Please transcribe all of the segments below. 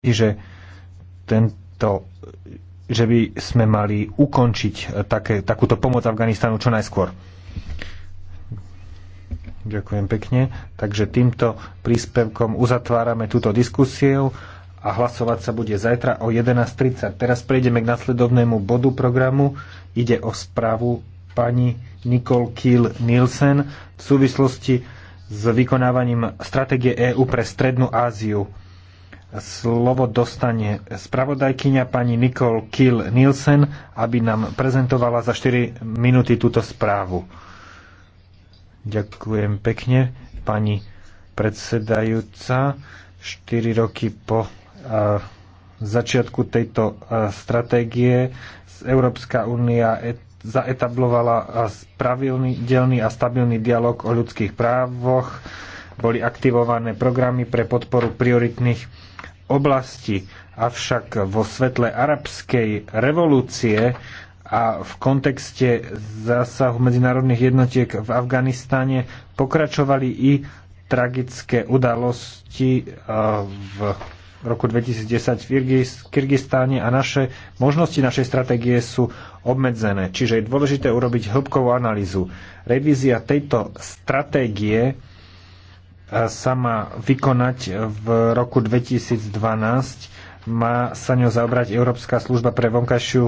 že tento že by sme mali ukončiť také, takúto pomoc Afganistanu čo najskôr. Ďakujem pekne. Takže týmto príspevkom uzatvárame túto diskusiu a hlasovať sa bude zajtra o 11.30. Teraz prejdeme k nasledovnému bodu programu. Ide o správu pani Nicole Kiel Nielsen v súvislosti s vykonávaním stratégie EÚ pre Strednú Áziu slovo dostane spravodajkyňa pani Nicole Kill Nielsen, aby nám prezentovala za 4 minúty túto správu. Ďakujem pekne, pani predsedajúca. 4 roky po uh, začiatku tejto uh, stratégie Európska únia et- zaetablovala pravidelný a stabilný dialog o ľudských právoch, boli aktivované programy pre podporu prioritných oblasti, avšak vo svetle arabskej revolúcie a v kontexte zásahu medzinárodných jednotiek v Afganistane pokračovali i tragické udalosti e, v roku 2010 v Kyrgyzstáne a naše možnosti našej stratégie sú obmedzené. Čiže je dôležité urobiť hĺbkovú analýzu. Revízia tejto stratégie sa má vykonať v roku 2012. Má sa ňou zaobrať Európska služba pre vonkajšiu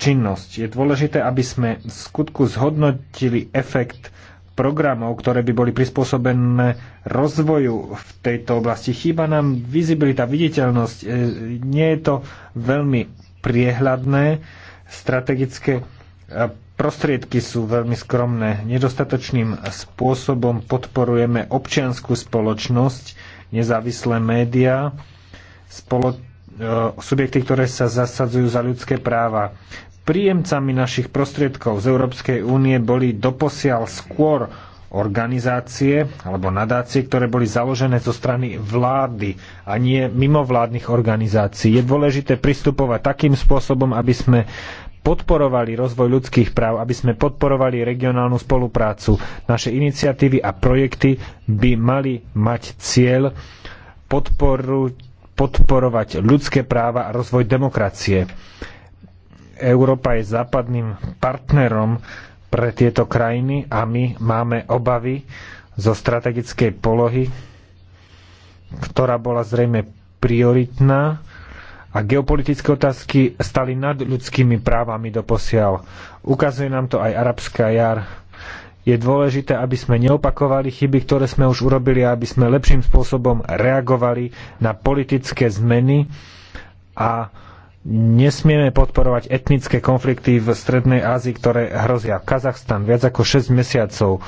činnosť. Je dôležité, aby sme v skutku zhodnotili efekt programov, ktoré by boli prispôsobené rozvoju v tejto oblasti. Chýba nám vizibilita, viditeľnosť. E, nie je to veľmi priehľadné strategické prostriedky sú veľmi skromné. Nedostatočným spôsobom podporujeme občianskú spoločnosť, nezávislé médiá, spolo- e, subjekty, ktoré sa zasadzujú za ľudské práva. Príjemcami našich prostriedkov z Európskej únie boli doposiaľ skôr organizácie alebo nadácie, ktoré boli založené zo strany vlády a nie mimovládnych organizácií. Je dôležité pristupovať takým spôsobom, aby sme podporovali rozvoj ľudských práv, aby sme podporovali regionálnu spoluprácu. Naše iniciatívy a projekty by mali mať cieľ podporu, podporovať ľudské práva a rozvoj demokracie. Európa je západným partnerom pre tieto krajiny a my máme obavy zo strategickej polohy, ktorá bola zrejme prioritná a geopolitické otázky stali nad ľudskými právami doposiaľ. Ukazuje nám to aj arabská jar. Je dôležité, aby sme neopakovali chyby, ktoré sme už urobili a aby sme lepším spôsobom reagovali na politické zmeny a nesmieme podporovať etnické konflikty v Strednej Ázii, ktoré hrozia. Kazachstan viac ako 6 mesiacov.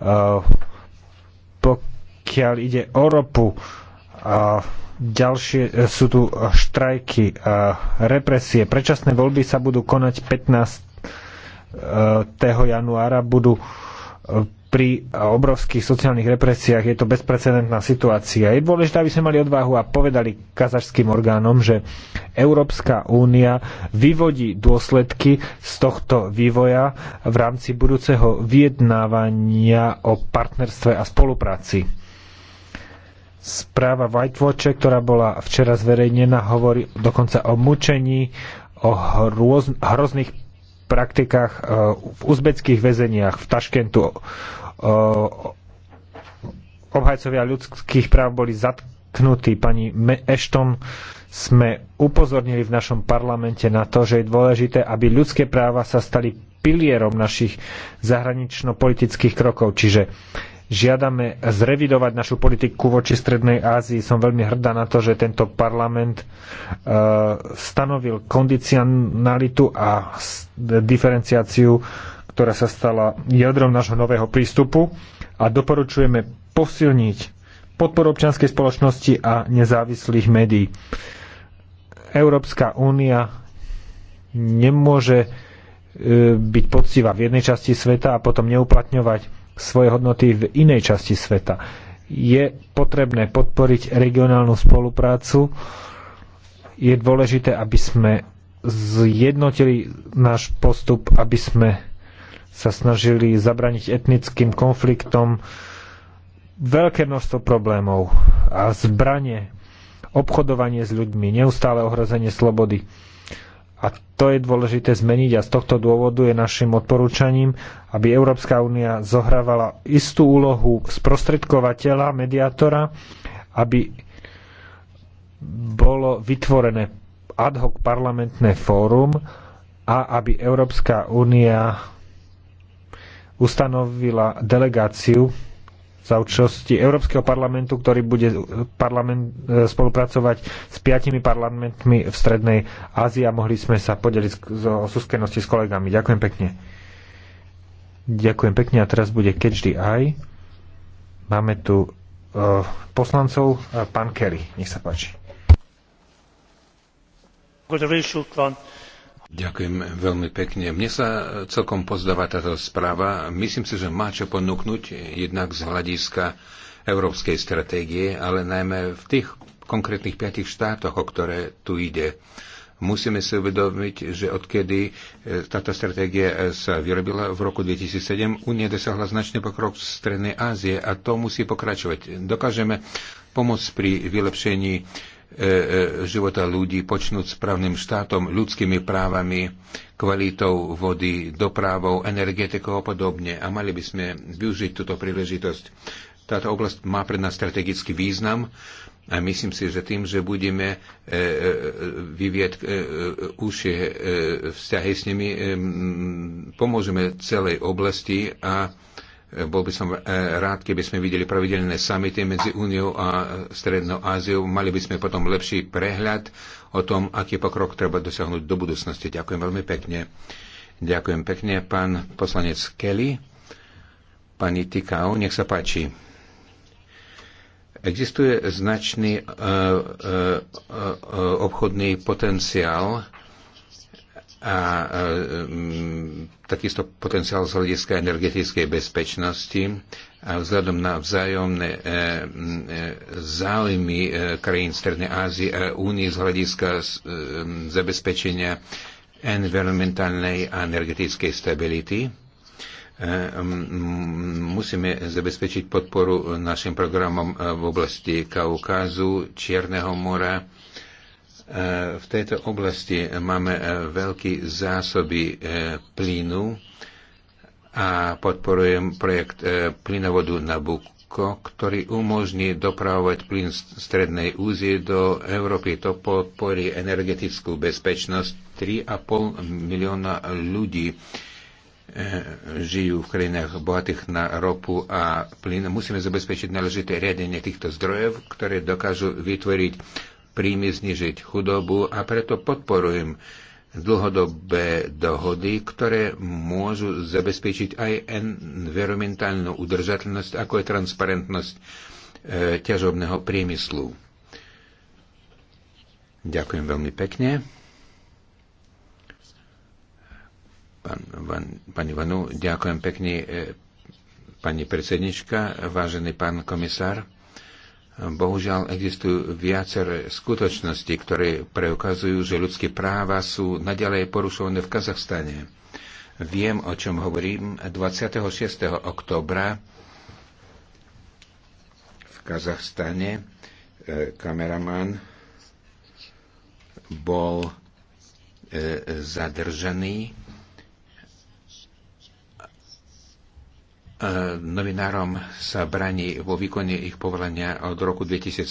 Uh, pokiaľ ide o ropu, uh, Ďalšie e, sú tu štrajky, represie. Predčasné voľby sa budú konať 15. E, januára. Budú e, pri obrovských sociálnych represiách je to bezprecedentná situácia. Je dôležité, aby sme mali odvahu a povedali kazašským orgánom, že Európska únia vyvodí dôsledky z tohto vývoja v rámci budúceho vyjednávania o partnerstve a spolupráci. Správa Whitewatche, ktorá bola včera zverejnená, hovorí dokonca o mučení, o hrôz, hrozných praktikách e, v uzbeckých väzeniach v Taškentu. E, obhajcovia ľudských práv boli zatknutí. Pani Ashton sme upozornili v našom parlamente na to, že je dôležité, aby ľudské práva sa stali pilierom našich zahranično-politických krokov. Čiže žiadame zrevidovať našu politiku voči Strednej Ázii. Som veľmi hrdá na to, že tento parlament e, stanovil kondicionalitu a diferenciáciu, ktorá sa stala jadrom nášho nového prístupu a doporučujeme posilniť podporu občianskej spoločnosti a nezávislých médií. Európska únia nemôže e, byť poctivá v jednej časti sveta a potom neuplatňovať svoje hodnoty v inej časti sveta. Je potrebné podporiť regionálnu spoluprácu. Je dôležité, aby sme zjednotili náš postup, aby sme sa snažili zabraniť etnickým konfliktom. Veľké množstvo problémov a zbranie, obchodovanie s ľuďmi, neustále ohrozenie slobody a to je dôležité zmeniť a z tohto dôvodu je našim odporúčaním, aby Európska únia zohrávala istú úlohu sprostredkovateľa, mediátora, aby bolo vytvorené ad hoc parlamentné fórum a aby Európska únia ustanovila delegáciu za účasti Európskeho parlamentu, ktorý bude parlament, e, spolupracovať s piatimi parlamentmi v Strednej Ázii a mohli sme sa podeliť o súskenosti s kolegami. Ďakujem pekne. Ďakujem pekne a teraz bude Catch the Eye. Máme tu uh, poslancov, uh, pán Kerry, nech sa páči. Good Ďakujem veľmi pekne. Mne sa celkom pozdáva táto správa. Myslím si, že má čo ponúknuť jednak z hľadiska európskej stratégie, ale najmä v tých konkrétnych piatich štátoch, o ktoré tu ide. Musíme si uvedomiť, že odkedy e, táto stratégia e, sa vyrobila v roku 2007, Unia dosiahla značný pokrok v Strednej Ázie a to musí pokračovať. Dokážeme pomôcť pri vylepšení E, e, života ľudí, počnúť správnym štátom, ľudskými právami, kvalitou vody, dopravou, energetikou a podobne. A mali by sme využiť túto príležitosť. Táto oblasť má pre nás strategický význam a myslím si, že tým, že budeme e, vyvieť užšie vzťahy s nimi, pomôžeme celej oblasti a bol by som e, rád, keby sme videli pravidelné samity medzi Úniou a Strednou Áziou. Mali by sme potom lepší prehľad o tom, aký pokrok treba dosiahnuť do budúcnosti. Ďakujem veľmi pekne. Ďakujem pekne, pán poslanec Kelly. Pani Tikau, nech sa páči. Existuje značný uh, uh, uh, obchodný potenciál a a mm, takisto potenciál z hľadiska energetickej bezpečnosti a vzhľadom na vzájomné e, mm, e, záujmy e, krajín Strednej Ázie a Únie z hľadiska e, mm, zabezpečenia environmentálnej a energetickej stability. E, m, Musíme zabezpečiť podporu našim programom e, v oblasti Kaukazu, Čierneho mora, e, E, v tejto oblasti máme e, veľké zásoby e, plynu a podporujem projekt plynovodu Nabucco, ktorý umožní dopravovať plyn z strednej úzie do Európy. To podporí energetickú bezpečnosť. 3,5 milióna ľudí žijú v krajinách bohatých na ropu a plyn. Musíme zabezpečiť náležité riadenie týchto zdrojov, ktoré dokážu vytvoriť príjmy znižiť chudobu a preto podporujem dlhodobé dohody, ktoré môžu zabezpečiť aj environmentálnu udržateľnosť, ako je transparentnosť e, ťažobného priemyslu. Ďakujem veľmi pekne. Pán, van, pani Vanu, ďakujem pekne, e, pani predsednička, vážený pán komisár. Bohužiaľ existujú viaceré skutočnosti, ktoré preukazujú, že ľudské práva sú nadalej porušované v Kazachstane. Viem, o čom hovorím. 26. oktobra v Kazachstane eh, kameraman bol eh, zadržaný E, novinárom sa braní vo výkone ich povolenia od roku 2007.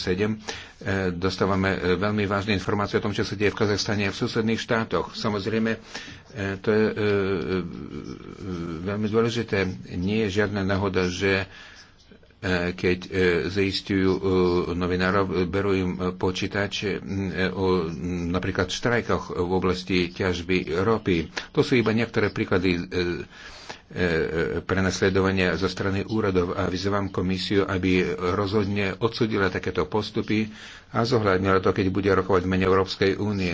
E, dostávame e, veľmi vážne informácie o tom, čo sa deje v Kazachstane a v susedných štátoch. Samozrejme, to je veľmi dôležité. Nie je žiadna náhoda, že keď zaistujú novinárov, berú im počítač o napríklad štrajkoch v oblasti ťažby ropy. To sú iba niektoré príklady E, e, prenasledovania zo strany úradov a vyzývam komisiu, aby rozhodne odsudila takéto postupy a zohľadnila to, keď bude rokovať mene Európskej únie.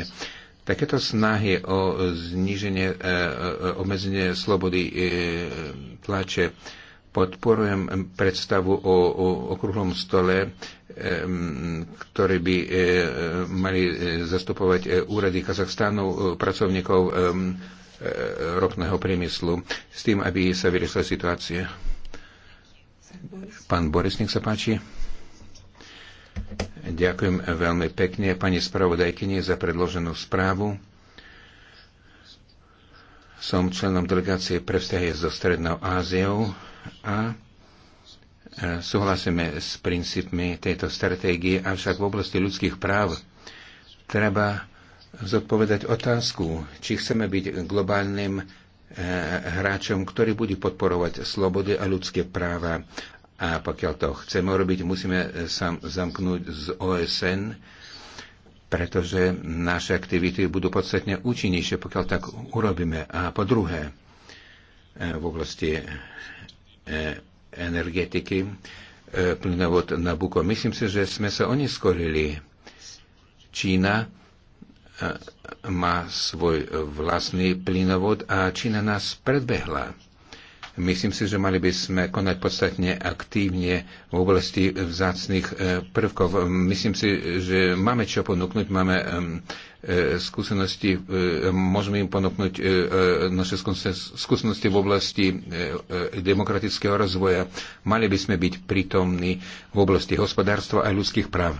Takéto snahy o zníženie, e, obmedzenie slobody tlače podporujem predstavu o, o okrúhlom stole, ktorý by mali zastupovať úrady Kazachstánu, pracovníkov ropného priemyslu s tým, aby sa vyriešila situácia. Pán Boris, nech sa páči. Ďakujem veľmi pekne pani spravodajkyni za predloženú správu. Som členom delegácie pre vzťahy so Strednou Áziou a e, súhlasíme s princípmi tejto stratégie, avšak v oblasti ľudských práv treba zodpovedať otázku, či chceme byť globálnym eh, hráčom, ktorý bude podporovať slobody a ľudské práva. A pokiaľ to chceme robiť, musíme sa zamknúť z OSN, pretože naše aktivity budú podstatne účinnejšie, pokiaľ tak urobíme. A po druhé, eh, v oblasti eh, energetiky, plynovod Nabuko. Myslím si, že sme sa oneskorili. Čína má svoj vlastný plynovod a Čína nás predbehla. Myslím si, že mali by sme konať podstatne aktívne v oblasti vzácných e, prvkov. Myslím si, že máme čo ponúknuť, máme e, e, skúsenosti, môžeme im ponúknuť naše skúsenosti v oblasti demokratického rozvoja. Mali by sme byť prítomní v oblasti hospodárstva a ľudských práv.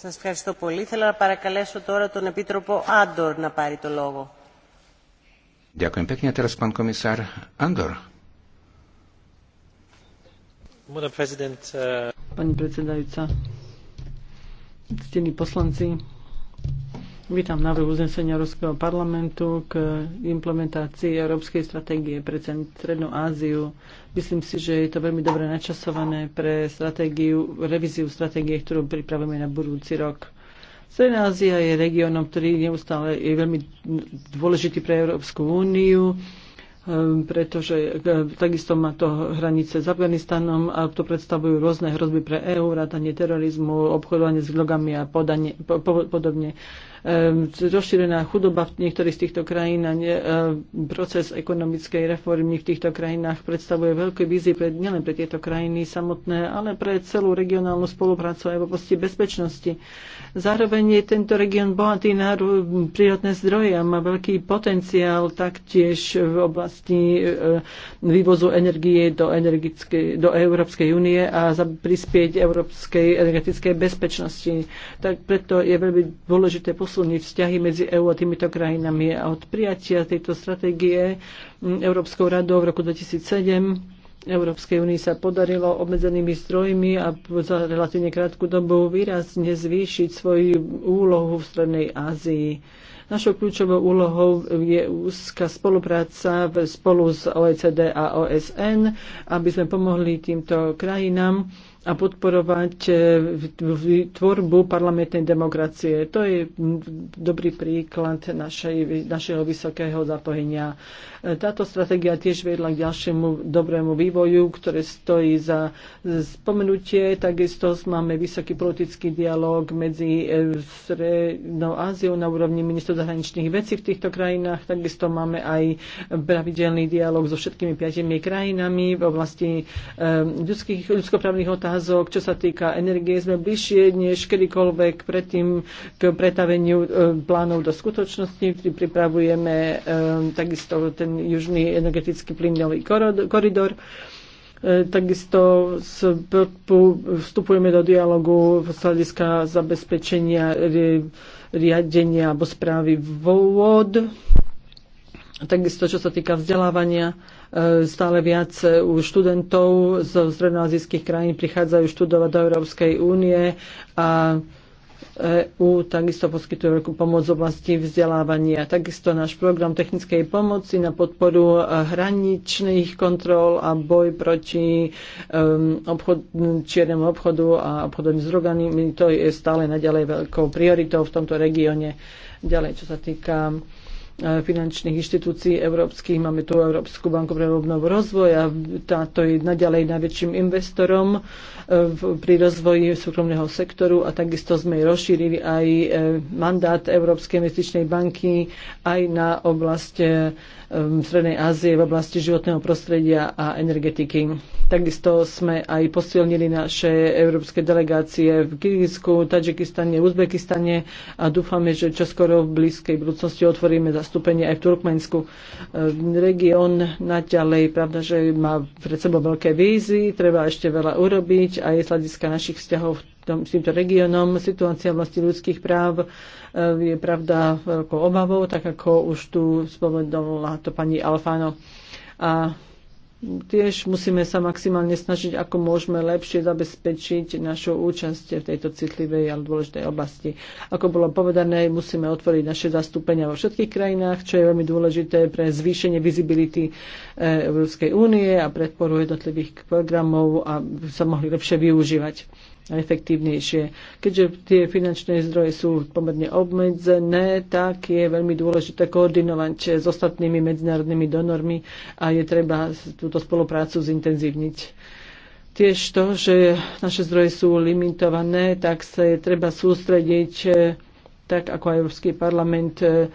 Σας ευχαριστώ πολύ. Θέλω να παρακαλέσω τώρα τον Επίτροπο Άντορ να πάρει το λόγο. Ďakujem pekne. Teraz pán komisár Andor. Pani predsedajúca, ctení poslanci, Vítam návrh uznesenia Európskeho parlamentu k implementácii Európskej stratégie pre Strednú Áziu. Myslím si, že je to veľmi dobre načasované pre stratégiu, revíziu stratégie, ktorú pripravujeme na budúci rok. Stredná Ázia je regiónom, ktorý neustále je veľmi dôležitý pre Európsku úniu e, pretože e, takisto má to hranice s Afganistanom a to predstavujú rôzne hrozby pre EÚ, vrátanie terorizmu, obchodovanie s drogami a podanie, po, po, podobne. Ehm, rozšírená chudoba v niektorých z týchto krajín a ne, ehm, proces ekonomickej reformy v týchto krajinách predstavuje veľké vízy pre, nielen pre tieto krajiny samotné, ale pre celú regionálnu spoluprácu aj v oblasti bezpečnosti. Zároveň je tento región bohatý na prírodné zdroje a má veľký potenciál taktiež v oblasti ehm, vývozu energie do, do Európskej únie a za, prispieť európskej energetickej bezpečnosti. Tak preto je veľmi dôležité posilniť vzťahy medzi EÚ a týmito krajinami. A od prijatia tejto stratégie Európskou radou v roku 2007 Európskej únii sa podarilo obmedzenými zdrojmi a za relatívne krátku dobu výrazne zvýšiť svoju úlohu v Strednej Ázii. Našou kľúčovou úlohou je úzka spolupráca spolu s OECD a OSN, aby sme pomohli týmto krajinám a podporovať e, tvorbu parlamentnej demokracie. To je dobrý príklad našej, našeho vysokého zapojenia. E, táto stratégia tiež vedla k ďalšiemu dobrému vývoju, ktoré stojí za spomenutie. Takisto máme vysoký politický dialog medzi e, Srednou Áziou na úrovni ministrov zahraničných vecí v týchto krajinách. Takisto máme aj pravidelný dialog so všetkými piatimi krajinami v oblasti ľudských, ľudskoprávnych otázok otázok, čo sa týka energie, sme bližšie než kedykoľvek predtým k pretaveniu e, plánov do skutočnosti. Pripravujeme e, takisto ten južný energetický plynový koridor. E, takisto vstupujeme do dialogu v hľadiska zabezpečenia riadenia alebo správy vôd. Takisto, čo sa týka vzdelávania, stále viac eh, študentov zo strednoazijských krajín prichádzajú študovať do Európskej únie a EU takisto poskytuje veľkú pomoc v oblasti vzdelávania. Takisto náš program technickej pomoci na podporu eh, hraničných kontrol a boj proti um, obchod, čiernemu obchodu a obchodom s drogami, to je stále naďalej veľkou prioritou v tomto regióne. Ďalej, čo sa týka E, finančných inštitúcií európskych. Máme tu Európsku banku pre obnovu rozvoj a táto je naďalej najväčším investorom e, pri rozvoji súkromného sektoru a takisto sme rozšírili aj e, mandát Európskej investičnej banky aj na oblast Strednej Ázie v oblasti životného prostredia a energetiky. Takisto sme aj posilnili naše európske delegácie v Kyrgyzsku, Tadžikistane, Uzbekistane a dúfame, že čoskoro v blízkej budúcnosti otvoríme za zastúpenie aj v Turkmensku. E, región naďalej, pravda, že má pred sebou veľké vízy, treba ešte veľa urobiť a je z hľadiska našich vzťahov s týmto regiónom. Situácia vlasti ľudských práv e, je pravda veľkou obavou, tak ako už tu spomenula to pani Alfano. A tiež musíme sa maximálne snažiť, ako môžeme lepšie zabezpečiť našu účasť v tejto citlivej a dôležitej oblasti. Ako bolo povedané, musíme otvoriť naše zastúpenia vo všetkých krajinách, čo je veľmi dôležité pre zvýšenie vizibility e, Európskej únie a predporu jednotlivých programov aby sa mohli lepšie využívať efektívnejšie. Keďže tie finančné zdroje sú pomerne obmedzené, tak je veľmi dôležité koordinovať s ostatnými medzinárodnými donormi a je treba túto spoluprácu zintenzívniť. Tiež to, že naše zdroje sú limitované, tak sa je treba sústrediť e, tak ako Európsky parlament e,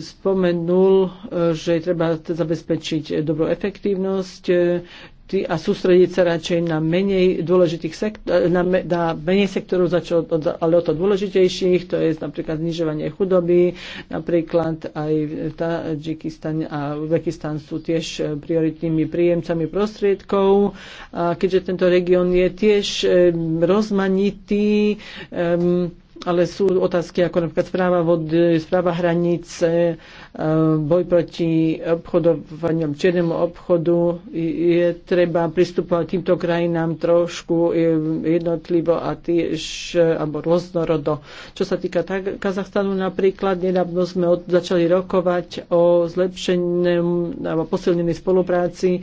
spomenul, e, že treba zabezpečiť dobrú efektívnosť, a sústrediť sa radšej na menej dôležitých sektor, eh, na, na menej sektorov, začal od, ale o to dôležitejších, to je napríklad znižovanie chudoby, napríklad aj Tadžikistan a Uzbekistan sú tiež eh, prioritnými príjemcami prostriedkov, a keďže tento región je tiež eh, rozmanitý, um, ale sú otázky ako napríklad správa vody, správa hranice, e, boj proti obchodovaniu, čiernemu obchodu. Je treba pristupovať týmto krajinám trošku jednotlivo a tiež e, alebo rôznorodo. Čo sa týka Kazachstanu napríklad, nedávno sme od, začali rokovať o zlepšenom alebo posilnenej spolupráci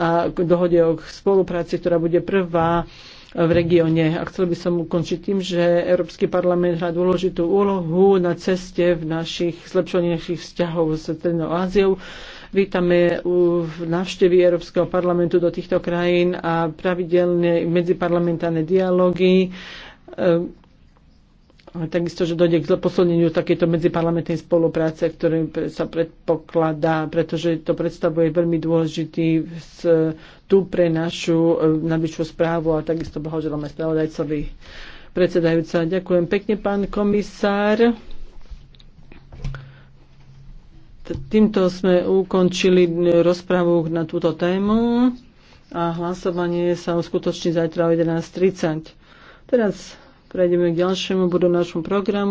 a dohode o spolupráci, ktorá bude prvá v regióne. A chcel by som ukončiť tým, že Európsky parlament hrá dôležitú úlohu na ceste v našich zlepšovaní našich vzťahov s Strednou Áziou. Vítame návštevy Európskeho parlamentu do týchto krajín a pravidelné medziparlamentárne dialógy takisto, že dojde k posilneniu takéto medziparlamentnej spolupráce, ktoré sa predpokladá, pretože to predstavuje veľmi dôležitý tu pre našu e, najbližšiu správu a takisto blahoželáme spravodajcovi predsedajúca. Ďakujem pekne, pán komisár. Týmto sme ukončili rozpravu na túto tému a hlasovanie sa uskutoční zajtra o 11.30. Teraz Prejdeme k ďalšiemu bodu našom programu.